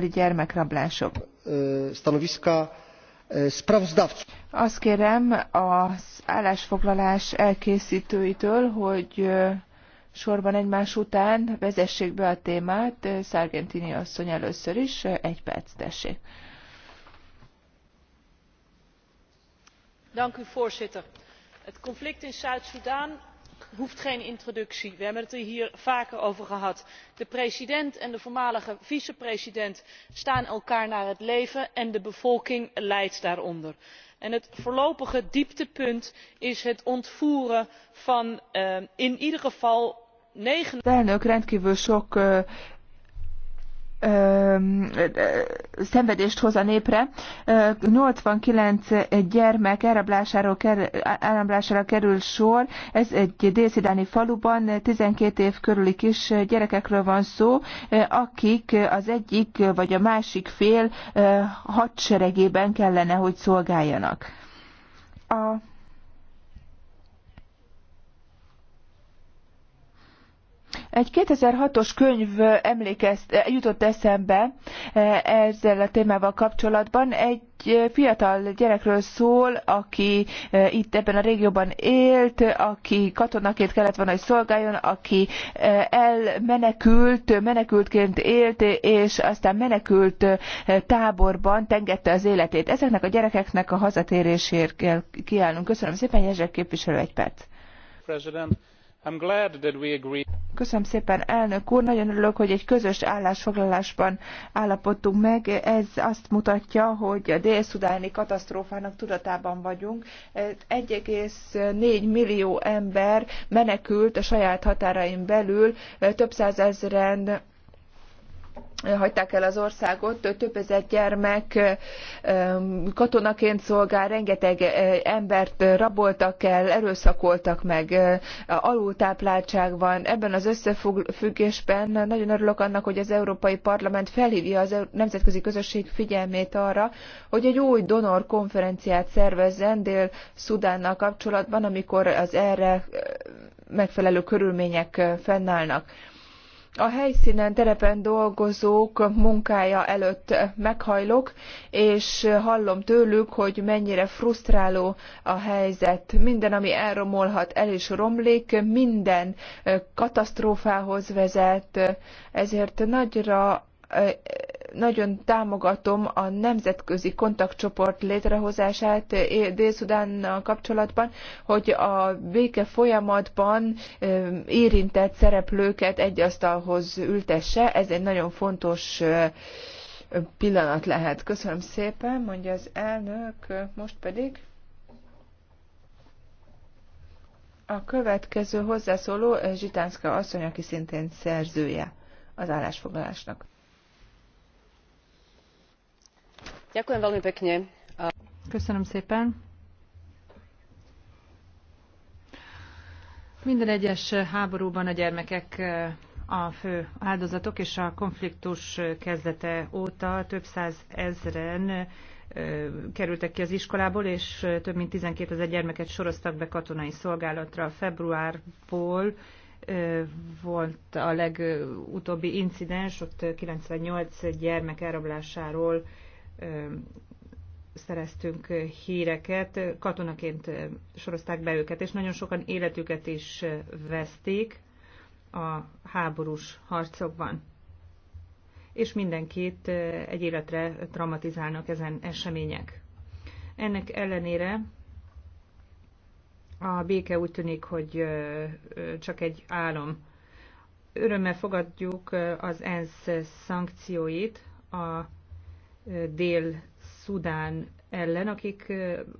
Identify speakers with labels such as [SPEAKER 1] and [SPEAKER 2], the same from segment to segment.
[SPEAKER 1] gyermekrablások. Stanowiska e, sprawozdawców. Azt kérem az állásfoglalás elkészítőitől, hogy sorban egymás után vezessék be a témát. Szargentini asszony először is, egy perc tessék.
[SPEAKER 2] Dank u voorzitter. Het conflict in Zuid-Soedan hoeft geen introductie we hebben het er hier vaker over gehad. de president en de voormalige vice president staan elkaar naar het leven en de bevolking lijdt daaronder. het voorlopige dieptepunt is het ontvoeren van eh, in ieder geval negen
[SPEAKER 1] szenvedést hoz a népre. 89 gyermek elrablásáról, elrablására kerül sor, ez egy délszidáni faluban, 12 év körüli kis gyerekekről van szó, akik az egyik vagy a másik fél hadseregében kellene, hogy szolgáljanak. A Egy 2006-os könyv emlékezt, jutott eszembe ezzel a témával kapcsolatban. Egy fiatal gyerekről szól, aki itt ebben a régióban élt, aki katonaként kellett volna, hogy szolgáljon, aki elmenekült, menekültként élt, és aztán menekült táborban tengette az életét. Ezeknek a gyerekeknek a hazatérésért kell kiállnunk. Köszönöm szépen, Jezsek képviselő, egy perc. President Köszönöm szépen, elnök úr. Nagyon örülök, hogy egy közös állásfoglalásban állapodtunk meg. Ez azt mutatja, hogy a dél-szudáni katasztrófának tudatában vagyunk. 1,4 millió ember menekült a saját határain belül, több százezren hagyták el az országot, több ezer gyermek katonaként szolgál, rengeteg embert raboltak el, erőszakoltak meg, alultápláltság van. Ebben az összefüggésben nagyon örülök annak, hogy az Európai Parlament felhívja az nemzetközi közösség figyelmét arra, hogy egy új donor konferenciát szervezzen Dél-Szudánnal kapcsolatban, amikor az erre megfelelő körülmények fennállnak a helyszínen, terepen dolgozók munkája előtt meghajlok, és hallom tőlük, hogy mennyire frusztráló a helyzet. Minden, ami elromolhat, el is romlik, minden katasztrófához vezet, ezért nagyra nagyon támogatom a nemzetközi kontaktcsoport létrehozását Dél-Szudánnal kapcsolatban, hogy a béke folyamatban érintett szereplőket egy asztalhoz ültesse. Ez egy nagyon fontos pillanat lehet. Köszönöm szépen, mondja az elnök. Most pedig a következő hozzászóló Zsitánszka asszony, aki szintén szerzője az állásfoglalásnak.
[SPEAKER 2] Köszönöm szépen. Minden egyes háborúban a gyermekek a fő áldozatok, és a konfliktus kezdete óta több száz ezren kerültek ki az iskolából, és több mint 12 ezer gyermeket soroztak be katonai szolgálatra. Februárból volt a legutóbbi incidens, ott 98 gyermek elrablásáról szereztünk híreket, katonaként sorozták be őket, és nagyon sokan életüket is veszték a háborús harcokban. És mindenkit egy életre traumatizálnak ezen események. Ennek ellenére a béke úgy tűnik, hogy csak egy álom. Örömmel fogadjuk az ENSZ szankcióit a Dél-Szudán ellen, akik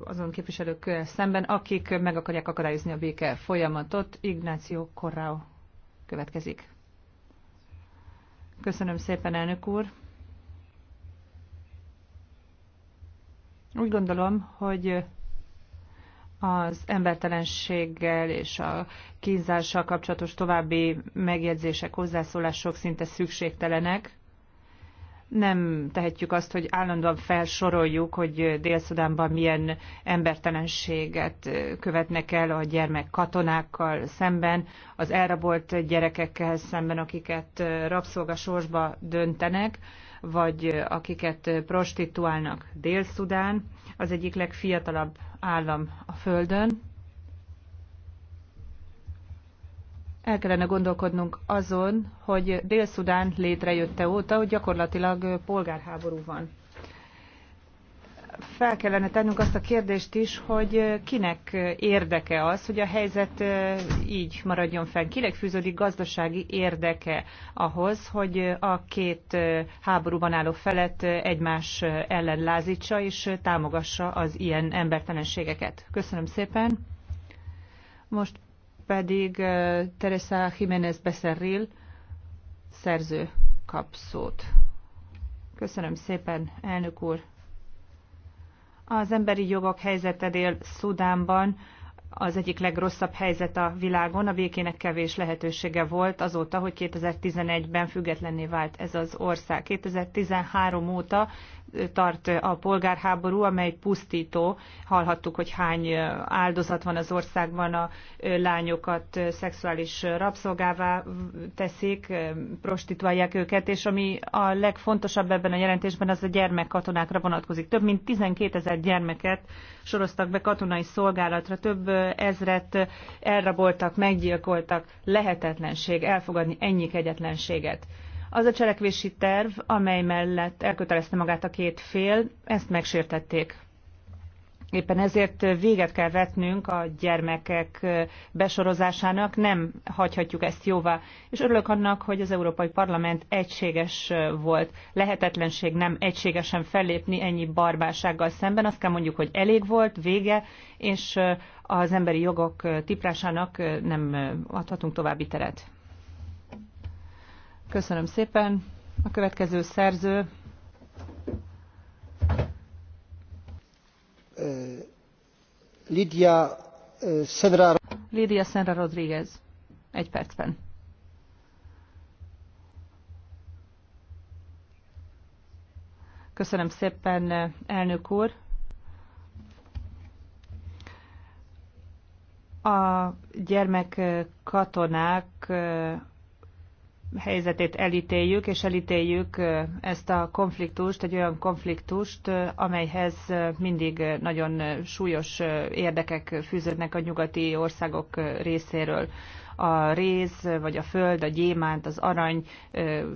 [SPEAKER 2] azon képviselők szemben, akik meg akarják akadályozni a béke folyamatot. Ignáció Corrao következik. Köszönöm szépen, elnök úr. Úgy gondolom, hogy az embertelenséggel és a kínzással kapcsolatos további megjegyzések, hozzászólások szinte szükségtelenek nem tehetjük azt, hogy állandóan felsoroljuk, hogy Dél-Szudánban milyen embertelenséget követnek el a gyermek katonákkal szemben, az elrabolt gyerekekkel szemben, akiket rabszolgasorsba döntenek, vagy akiket prostituálnak Dél-Szudán, az egyik legfiatalabb állam a Földön el kellene gondolkodnunk azon, hogy Dél-Szudán létrejötte óta, hogy gyakorlatilag polgárháború van. Fel kellene tennünk azt a kérdést is, hogy kinek érdeke az, hogy a helyzet így maradjon fenn. Kinek fűződik gazdasági érdeke ahhoz, hogy a két háborúban álló felet egymás ellen lázítsa és támogassa az ilyen embertelenségeket. Köszönöm szépen. Most pedig Teresa Jiménez Becerril szerző kap szót. Köszönöm szépen, elnök úr! Az emberi jogok helyzete Dél-Szudánban az egyik legrosszabb helyzet a világon. A békének kevés lehetősége volt azóta, hogy 2011-ben függetlenné vált ez az ország. 2013 óta tart a polgárháború, amely pusztító. Hallhattuk, hogy hány áldozat van az országban, a lányokat szexuális rabszolgává teszik, prostituálják őket, és ami a legfontosabb ebben a jelentésben, az a gyermekkatonákra vonatkozik. Több mint 12 ezer gyermeket soroztak be katonai szolgálatra, több ezret elraboltak, meggyilkoltak, lehetetlenség elfogadni ennyi kegyetlenséget. Az a cselekvési terv, amely mellett elkötelezte magát a két fél, ezt megsértették. Éppen ezért véget kell vetnünk a gyermekek besorozásának, nem hagyhatjuk ezt jóvá. És örülök annak, hogy az Európai Parlament egységes volt. Lehetetlenség nem egységesen fellépni ennyi barbársággal szemben. Azt kell mondjuk, hogy elég volt, vége, és az emberi jogok tiprásának nem adhatunk további teret. Köszönöm szépen. A következő szerző. Lidia Senra. Lidia Senra Rodríguez. Egy percben. Köszönöm szépen, elnök úr. A gyermek katonák helyzetét elítéljük, és elítéljük ezt a konfliktust, egy olyan konfliktust, amelyhez mindig nagyon súlyos érdekek fűződnek a nyugati országok részéről. A réz, vagy a föld, a gyémánt, az arany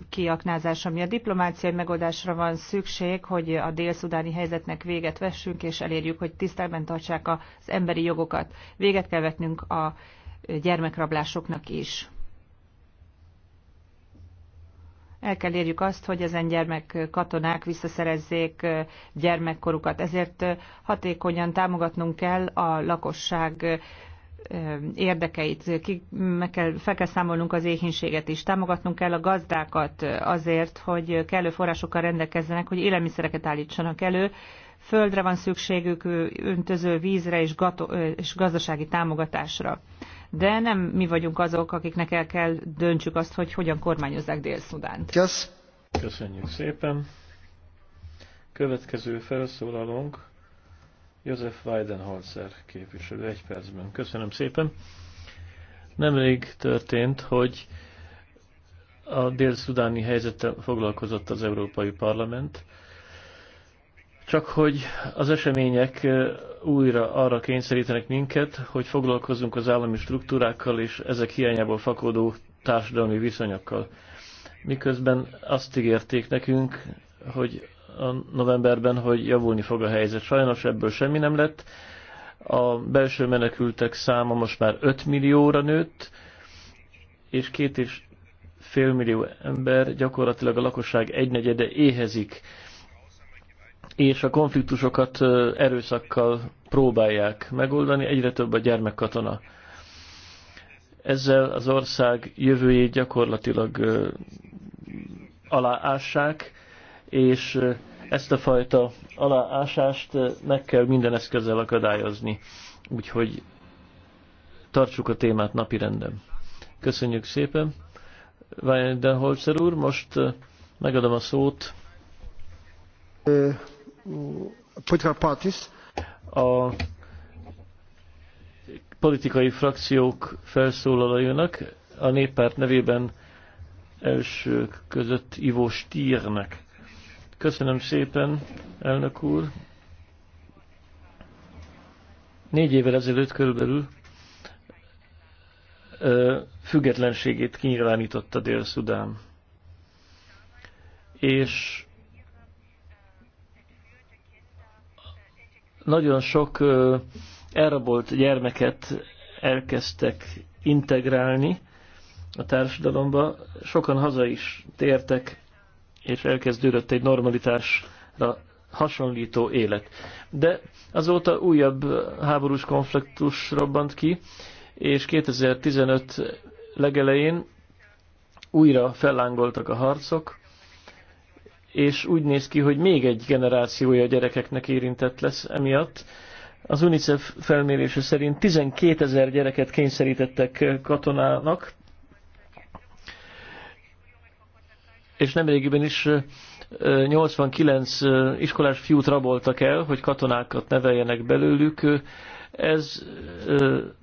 [SPEAKER 2] kiaknázása a diplomáciai megoldásra van szükség, hogy a délszudáni helyzetnek véget vessünk, és elérjük, hogy tisztelben tartsák az emberi jogokat. Véget kell vetnünk a gyermekrablásoknak is. El kell érjük azt, hogy ezen gyermek katonák visszaszerezzék gyermekkorukat. Ezért hatékonyan támogatnunk kell a lakosság érdekeit, ki, meg kell, fel kell számolnunk az éhínséget is, támogatnunk kell a gazdákat azért, hogy kellő forrásokkal rendelkezzenek, hogy élelmiszereket állítsanak elő, földre van szükségük, öntöző vízre és, gato- és gazdasági támogatásra. De nem mi vagyunk azok, akiknek el kell döntsük azt, hogy hogyan kormányozzák Dél-Szudánt.
[SPEAKER 3] Köszönjük szépen. Következő felszólalónk József Weidenholzer képviselő egy percben. Köszönöm szépen. Nemrég történt, hogy a dél-szudáni helyzettel foglalkozott az Európai Parlament, csak hogy az események újra arra kényszerítenek minket, hogy foglalkozunk az állami struktúrákkal és ezek hiányából fakódó társadalmi viszonyokkal. Miközben azt ígérték nekünk, hogy a novemberben, hogy javulni fog a helyzet. Sajnos ebből semmi nem lett. A belső menekültek száma most már 5 millióra nőtt, és két és fél millió ember, gyakorlatilag a lakosság egynegyede éhezik és a konfliktusokat erőszakkal próbálják megoldani, egyre több a gyermekkatona. Ezzel az ország jövőjét gyakorlatilag aláássák, és ezt a fajta aláásást meg kell minden eszközzel akadályozni. Úgyhogy tartsuk a témát rendem. Köszönjük szépen. Weidenholzer úr, most megadom a szót. Ö political parties. A politikai frakciók felszólalójának a néppárt nevében elsők között Ivo Stiernek. Köszönöm szépen, elnök úr. Négy évvel ezelőtt körülbelül függetlenségét kinyilvánította Dél-Szudán. És nagyon sok elrabolt gyermeket elkezdtek integrálni a társadalomba. Sokan haza is tértek, és elkezdődött egy normalitásra hasonlító élet. De azóta újabb háborús konfliktus robbant ki, és 2015 legelején újra fellángoltak a harcok, és úgy néz ki, hogy még egy generációja a gyerekeknek érintett lesz emiatt. Az UNICEF felmérése szerint 12 ezer gyereket kényszerítettek katonának, és nemrégiben is 89 iskolás fiút raboltak el, hogy katonákat neveljenek belőlük. Ez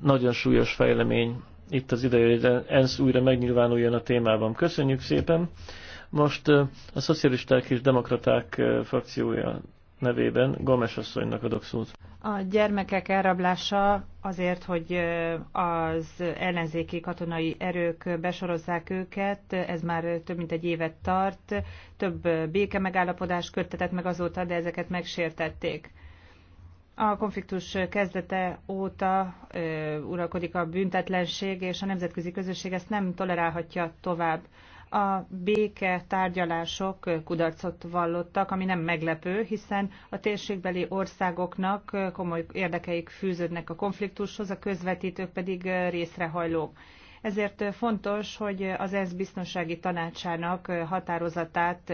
[SPEAKER 3] nagyon súlyos fejlemény. Itt az ideje, hogy ENSZ újra megnyilvánuljon a témában. Köszönjük szépen! Most a szocialisták és demokraták frakciója nevében Gomes asszonynak adok szót.
[SPEAKER 2] A gyermekek elrablása azért, hogy az ellenzéki katonai erők besorozzák őket, ez már több mint egy évet tart, több béke megállapodás kötetett meg azóta, de ezeket megsértették. A konfliktus kezdete óta uralkodik a büntetlenség, és a nemzetközi közösség ezt nem tolerálhatja tovább a béke tárgyalások kudarcot vallottak, ami nem meglepő, hiszen a térségbeli országoknak komoly érdekeik fűződnek a konfliktushoz, a közvetítők pedig részrehajlók. Ezért fontos, hogy az ENSZ biztonsági tanácsának határozatát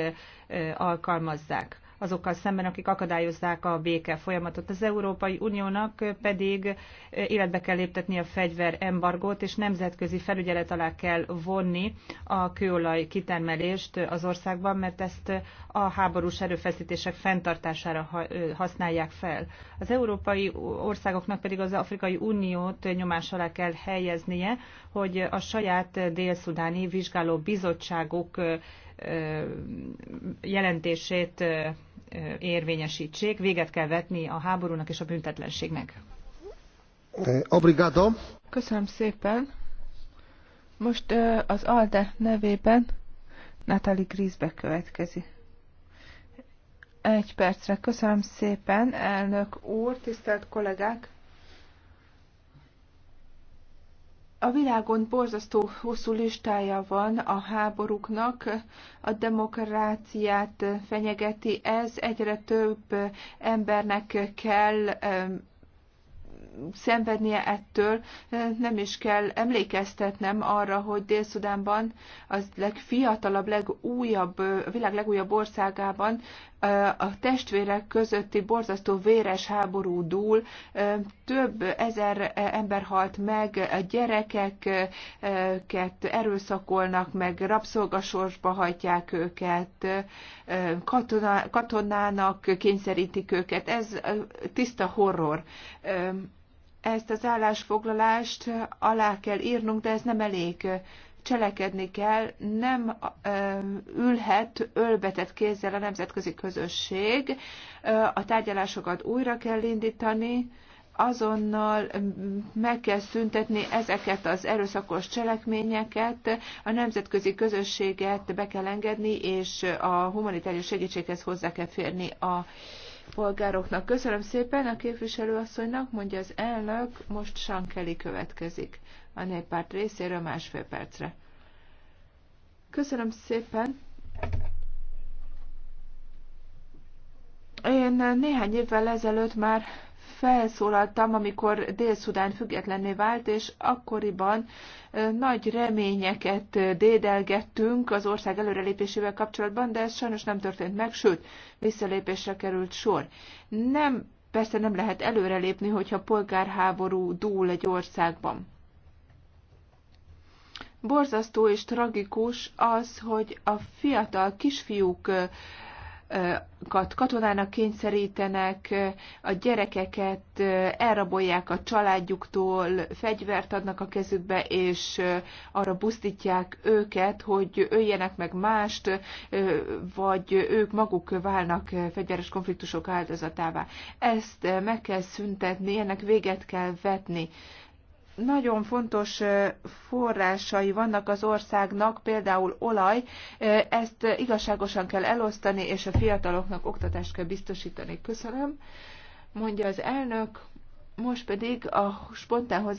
[SPEAKER 2] alkalmazzák azokkal szemben, akik akadályozzák a béke folyamatot. Az Európai Uniónak pedig eh, életbe kell léptetni a fegyver embargót, és nemzetközi felügyelet alá kell vonni a kőolaj kitermelést az országban, mert ezt a háborús erőfeszítések fenntartására eh, használják fel. Az európai országoknak pedig az Afrikai Uniót nyomás alá kell helyeznie, hogy a saját dél-szudáni vizsgáló bizottságuk eh, jelentését érvényesítsék. Véget kell vetni a háborúnak és a büntetlenségnek.
[SPEAKER 3] Eh, obrigado.
[SPEAKER 1] Köszönöm szépen. Most az ALDE nevében Natali Grisbe következik. Egy percre. Köszönöm szépen, elnök úr, tisztelt kollégák! A világon borzasztó hosszú listája van a háborúknak, a demokráciát fenyegeti ez, egyre több embernek kell szenvednie ettől, nem is kell emlékeztetnem arra, hogy Dél-Szudánban, az legfiatalabb, legújabb, a világ legújabb országában a testvérek közötti borzasztó véres háború dúl, több ezer ember halt meg, a gyerekeket erőszakolnak meg, rabszolgasorsba hagyják őket, katona, katonának kényszerítik őket. Ez tiszta horror. Ezt az állásfoglalást alá kell írnunk, de ez nem elég cselekedni kell, nem ülhet ölbetett kézzel a nemzetközi közösség, a tárgyalásokat újra kell indítani, azonnal meg kell szüntetni ezeket az erőszakos cselekményeket, a nemzetközi közösséget be kell engedni, és a humanitárius segítséghez hozzá kell férni a polgároknak. Köszönöm szépen a képviselőasszonynak, mondja az elnök, most Sankeli következik a néppárt részéről másfél percre. Köszönöm szépen! Én néhány évvel ezelőtt már felszólaltam, amikor Dél-Szudán függetlenné vált, és akkoriban nagy reményeket dédelgettünk az ország előrelépésével kapcsolatban, de ez sajnos nem történt meg, sőt, visszalépésre került sor. Nem, persze nem lehet előrelépni, hogyha polgárháború dúl egy országban borzasztó és tragikus az, hogy a fiatal kisfiúkat katonának kényszerítenek, a gyerekeket elrabolják a családjuktól, fegyvert adnak a kezükbe, és arra busztítják őket, hogy öljenek meg mást, vagy ők maguk válnak fegyveres konfliktusok áldozatává. Ezt meg kell szüntetni, ennek véget kell vetni nagyon fontos forrásai vannak az országnak, például olaj, ezt igazságosan kell elosztani, és a fiataloknak oktatást kell biztosítani. Köszönöm, mondja az elnök. Most pedig a spontán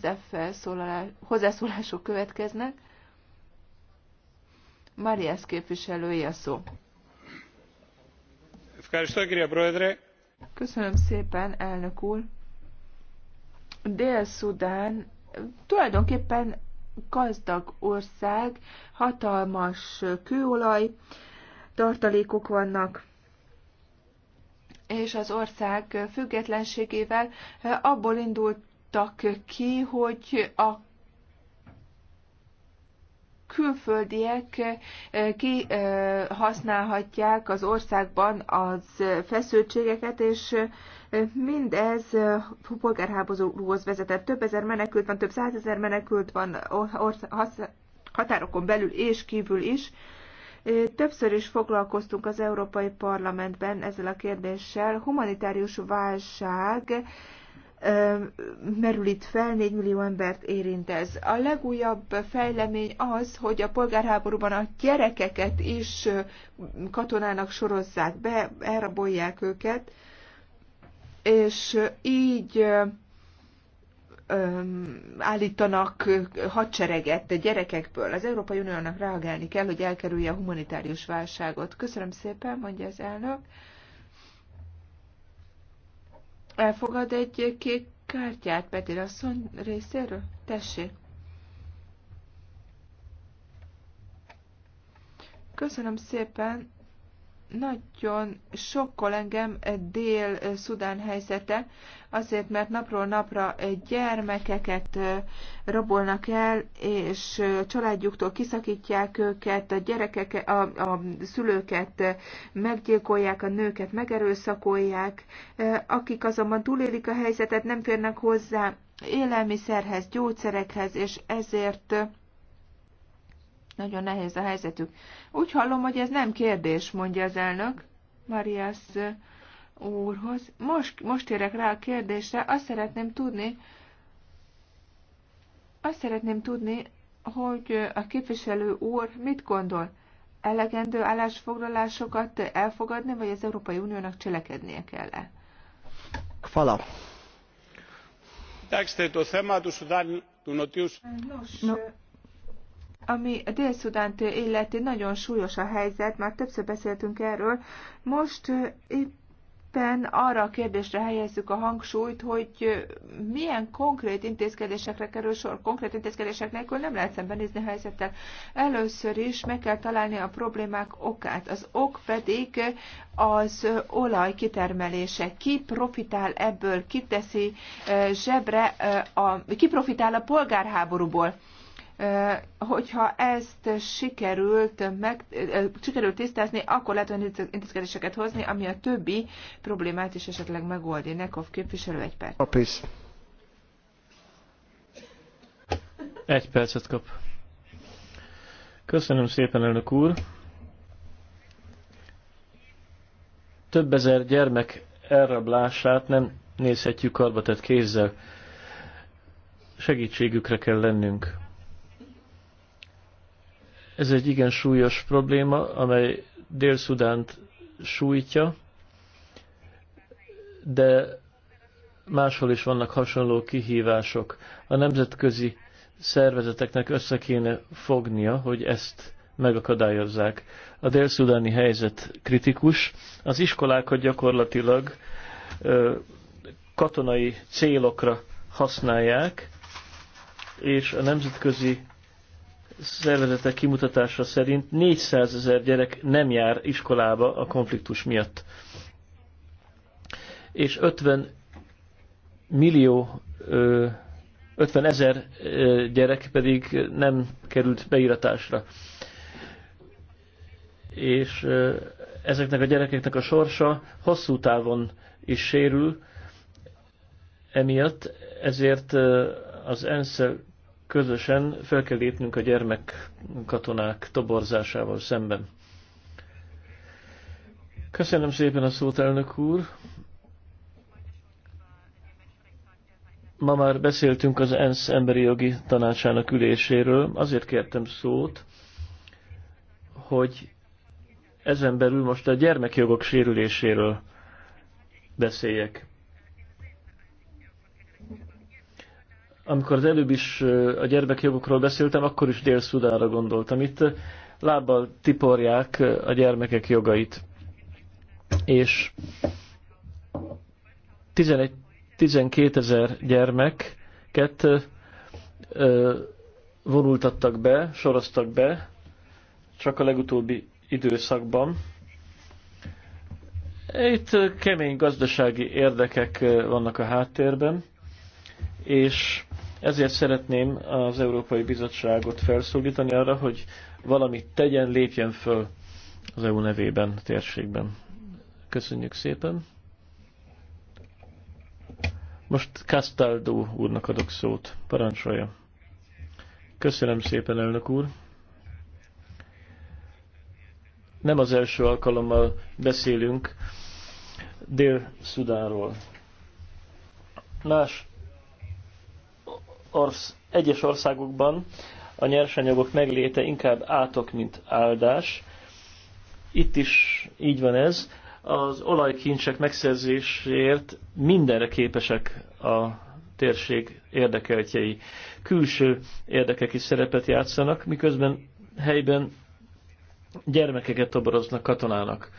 [SPEAKER 1] hozzászólások következnek. Marias képviselője a szó. Köszönöm szépen, elnök úr. Dél-Szudán tulajdonképpen gazdag ország, hatalmas kőolaj, tartalékok vannak, és az ország függetlenségével eh, abból indultak ki, hogy a külföldiek eh, kihasználhatják eh, az országban az feszültségeket, és Mindez polgárháborúhoz vezetett. Több ezer menekült van, több százezer menekült van határokon belül és kívül is. Többször is foglalkoztunk az Európai Parlamentben ezzel a kérdéssel. Humanitárius válság merül itt fel, 4 millió embert érint ez. A legújabb fejlemény az, hogy a polgárháborúban a gyerekeket is katonának sorozzák be, elrabolják őket és így állítanak hadsereget gyerekekből. Az Európai Uniónak reagálni kell, hogy elkerülje a humanitárius válságot. Köszönöm szépen, mondja az elnök. Elfogad egy kék kártyát Petir asszony részéről? Tessék. Köszönöm szépen. Nagyon sokkol engem eh, Dél-Szudán helyzete, azért mert napról napra eh, gyermekeket eh, rabolnak el, és családjuktól kiszakítják őket, a gyerekek, a, a szülőket meggyilkolják, a nőket megerőszakolják, akik azonban túlélik a helyzetet, nem férnek hozzá élelmiszerhez, gyógyszerekhez, és ezért nagyon nehéz a helyzetük. Úgy hallom, hogy ez nem kérdés, mondja az elnök Marias úrhoz. Most, most érek rá a kérdésre, azt szeretném tudni, azt szeretném tudni, hogy a képviselő úr mit gondol? Elegendő állásfoglalásokat elfogadni, vagy az Európai Uniónak cselekednie kell-e?
[SPEAKER 3] Kvala. Nos.
[SPEAKER 1] Ami a Dél-Szudánt illeti, nagyon súlyos a helyzet, már többször beszéltünk erről. Most éppen arra a kérdésre helyezzük a hangsúlyt, hogy milyen konkrét intézkedésekre kerül sor. Konkrét intézkedések nélkül nem lehet szembenézni a helyzettel. Először is meg kell találni a problémák okát. Az ok pedig az olaj kitermelése. Ki profitál ebből, ki teszi zsebre, a, ki profitál a polgárháborúból Hogyha ezt sikerült, meg, sikerült tisztázni, akkor lehet olyan intézkedéseket hozni, ami a többi problémát is esetleg megoldja. Nekov képviselő egy perc.
[SPEAKER 3] Apis. Egy percet kap. Köszönöm szépen, elnök úr. Több ezer gyermek elrablását nem nézhetjük karbatett kézzel. Segítségükre kell lennünk. Ez egy igen súlyos probléma, amely Dél-Szudánt sújtja, de máshol is vannak hasonló kihívások. A nemzetközi szervezeteknek össze kéne fognia, hogy ezt megakadályozzák. A délszudáni helyzet kritikus. Az iskolákat gyakorlatilag ö, katonai célokra használják, és a nemzetközi szervezetek kimutatása szerint 400 ezer gyerek nem jár iskolába a konfliktus miatt. És 50 millió, 50 ezer gyerek pedig nem került beiratásra. És ezeknek a gyerekeknek a sorsa hosszú távon is sérül, emiatt ezért az ENSZ közösen fel kell lépnünk a katonák toborzásával szemben. Köszönöm szépen a szót, elnök úr! Ma már beszéltünk az ENSZ emberi jogi tanácsának üléséről. Azért kértem szót, hogy ezen belül most a gyermekjogok sérüléséről beszéljek. amikor az előbb is a gyermekjogokról beszéltem, akkor is Dél-Szudára gondoltam. Itt lábbal tiporják a gyermekek jogait. És 11-12 ezer gyermeket vonultattak be, soroztak be, csak a legutóbbi időszakban. Itt kemény gazdasági érdekek vannak a háttérben, és ezért szeretném az Európai Bizottságot felszólítani arra, hogy valamit tegyen, lépjen föl az EU nevében, térségben. Köszönjük szépen. Most Castaldo úrnak adok szót. Parancsolja. Köszönöm szépen, elnök úr. Nem az első alkalommal beszélünk Dél-Szudánról. Más orsz, egyes országokban a nyersanyagok megléte inkább átok, mint áldás. Itt is így van ez. Az olajkincsek megszerzéséért mindenre képesek a térség érdekeltjei. Külső érdekek is szerepet játszanak, miközben helyben gyermekeket toboroznak katonának.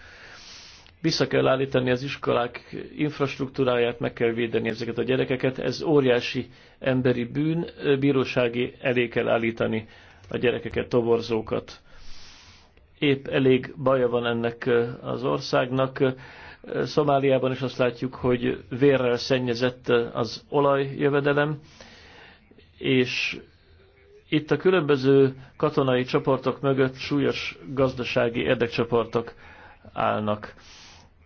[SPEAKER 3] Vissza kell állítani az iskolák infrastruktúráját, meg kell védeni ezeket a gyerekeket. Ez óriási emberi bűn, bírósági elé kell állítani a gyerekeket, toborzókat. Épp elég baja van ennek az országnak. Szomáliában is azt látjuk, hogy vérrel szennyezett az olajjövedelem, és itt a különböző katonai csoportok mögött súlyos gazdasági érdekcsoportok állnak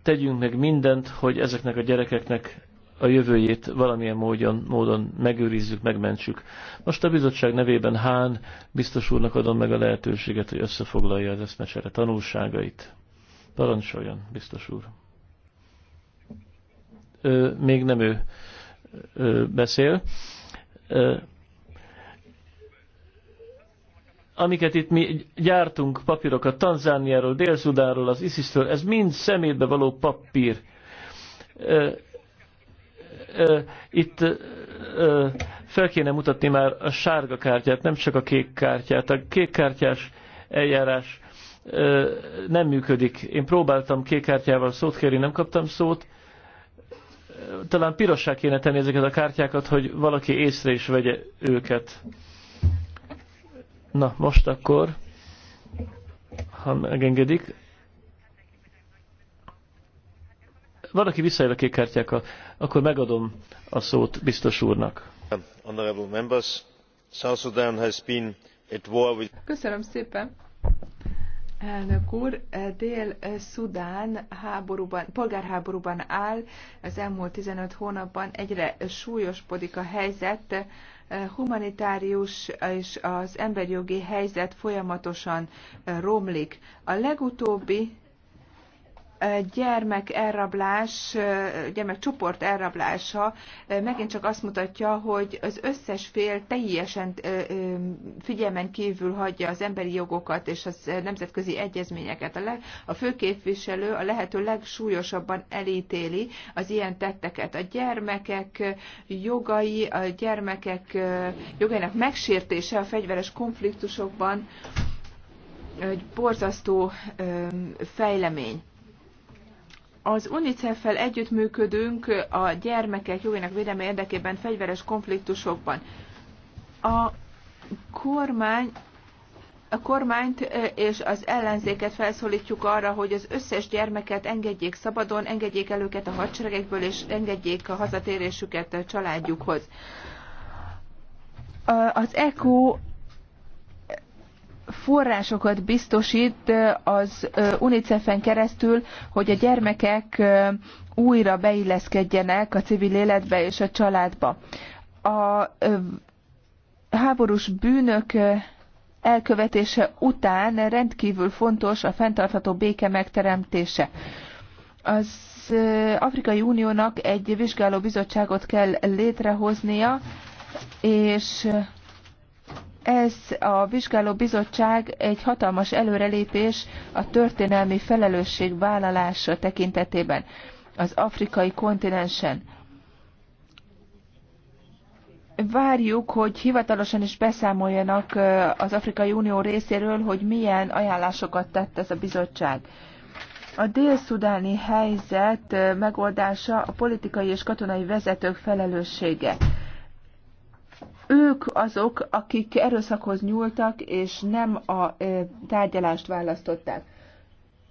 [SPEAKER 3] tegyünk meg mindent, hogy ezeknek a gyerekeknek a jövőjét valamilyen módon, módon megőrizzük, megmentsük. Most a bizottság nevében Hán biztos úrnak adom meg a lehetőséget, hogy összefoglalja az eszmecsere tanulságait. Parancsoljon, biztos úr. Ö, még nem ő ö, beszél. Ö, amiket itt mi gyártunk, papírokat Tanzániáról, Dél-Szudáról, az ISIS-től, ez mind szemétbe való papír. Itt fel kéne mutatni már a sárga kártyát, nem csak a kék kártyát. A kék kártyás eljárás nem működik. Én próbáltam kék kártyával szót kérni, nem kaptam szót. Talán pirossá kéne tenni ezeket a kártyákat, hogy valaki észre is vegye őket. Na, most akkor, ha megengedik, valaki visszaél a kékkártyákkal, akkor megadom a szót biztos úrnak. Köszönöm szépen.
[SPEAKER 1] Elnök úr, Dél-Szudán háborúban, polgárháborúban áll, az elmúlt 15 hónapban egyre súlyosbodik a helyzet, humanitárius és az emberjogi helyzet folyamatosan eh, romlik. A legutóbbi gyermek elrablás, gyermek csoport elrablása megint csak azt mutatja, hogy az összes fél teljesen figyelmen kívül hagyja az emberi jogokat és az nemzetközi egyezményeket. A, le, a főképviselő a lehető legsúlyosabban elítéli az ilyen tetteket. A gyermekek jogai, a gyermekek jogainak megsértése a fegyveres konfliktusokban egy borzasztó fejlemény. Az UNICEF-fel együttműködünk a gyermekek jogainak védelme érdekében fegyveres konfliktusokban. A kormány a kormányt és az ellenzéket felszólítjuk arra, hogy az összes gyermeket engedjék szabadon, engedjék el őket a hadseregekből, és engedjék a hazatérésüket a családjukhoz. Az ECO forrásokat biztosít az UNICEF-en keresztül, hogy a gyermekek újra beilleszkedjenek a civil életbe és a családba. A háborús bűnök elkövetése után rendkívül fontos a fenntartható béke megteremtése. Az Afrikai Uniónak egy vizsgáló bizottságot kell létrehoznia, és ez a vizsgáló bizottság egy hatalmas előrelépés a történelmi felelősség vállalása tekintetében az afrikai kontinensen. Várjuk, hogy hivatalosan is beszámoljanak az Afrikai Unió részéről, hogy milyen ajánlásokat tett ez a bizottság. A dél-szudáni helyzet megoldása a politikai és katonai vezetők felelőssége ők azok, akik erőszakhoz nyúltak, és nem a tárgyalást választották.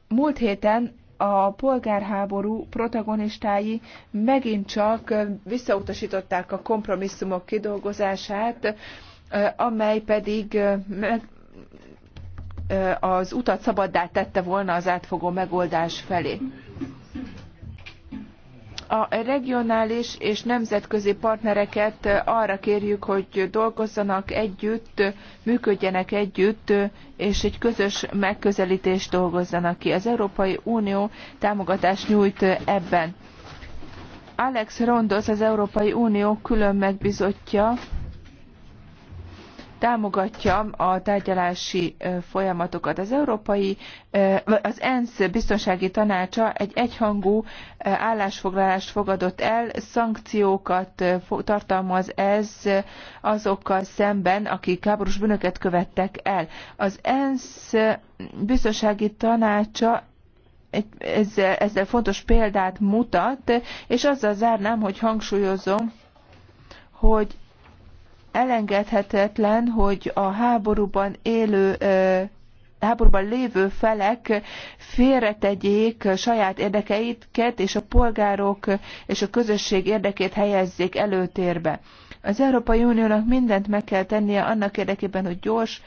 [SPEAKER 1] Múlt héten a polgárháború protagonistái megint csak visszautasították a kompromisszumok kidolgozását, amely pedig az utat szabaddá tette volna az átfogó megoldás felé. A regionális és nemzetközi partnereket eh, arra kérjük, hogy dolgozzanak együtt, működjenek együtt, és egy közös megközelítést dolgozzanak ki. Az Európai Unió támogatást nyújt ebben. Alex Rondos, az Európai Unió külön megbizotja, támogatja a tárgyalási folyamatokat. Az Európai, az ENSZ biztonsági tanácsa egy egyhangú állásfoglalást fogadott el, szankciókat tartalmaz ez azokkal szemben, akik káborús bűnöket követtek el. Az ENSZ biztonsági tanácsa ezzel, ezzel fontos példát mutat, és azzal zárnám, hogy hangsúlyozom, hogy elengedhetetlen, hogy a háborúban élő háborúban lévő felek félretegyék saját érdekeiket, és a polgárok és a közösség érdekét helyezzék előtérbe. Az Európai Uniónak mindent meg kell tennie annak érdekében, hogy gyors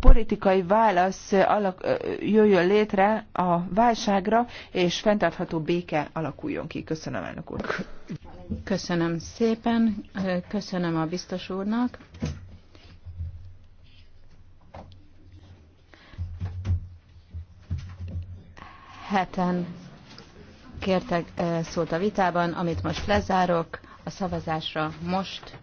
[SPEAKER 1] politikai válasz alak, jöjjön létre a válságra, és fenntartható béke alakuljon ki. Köszönöm, elnök úr. Köszönöm szépen, köszönöm a biztos úrnak. heten kértek
[SPEAKER 2] eh, szót a vitában, amit most lezárok, a szavazásra most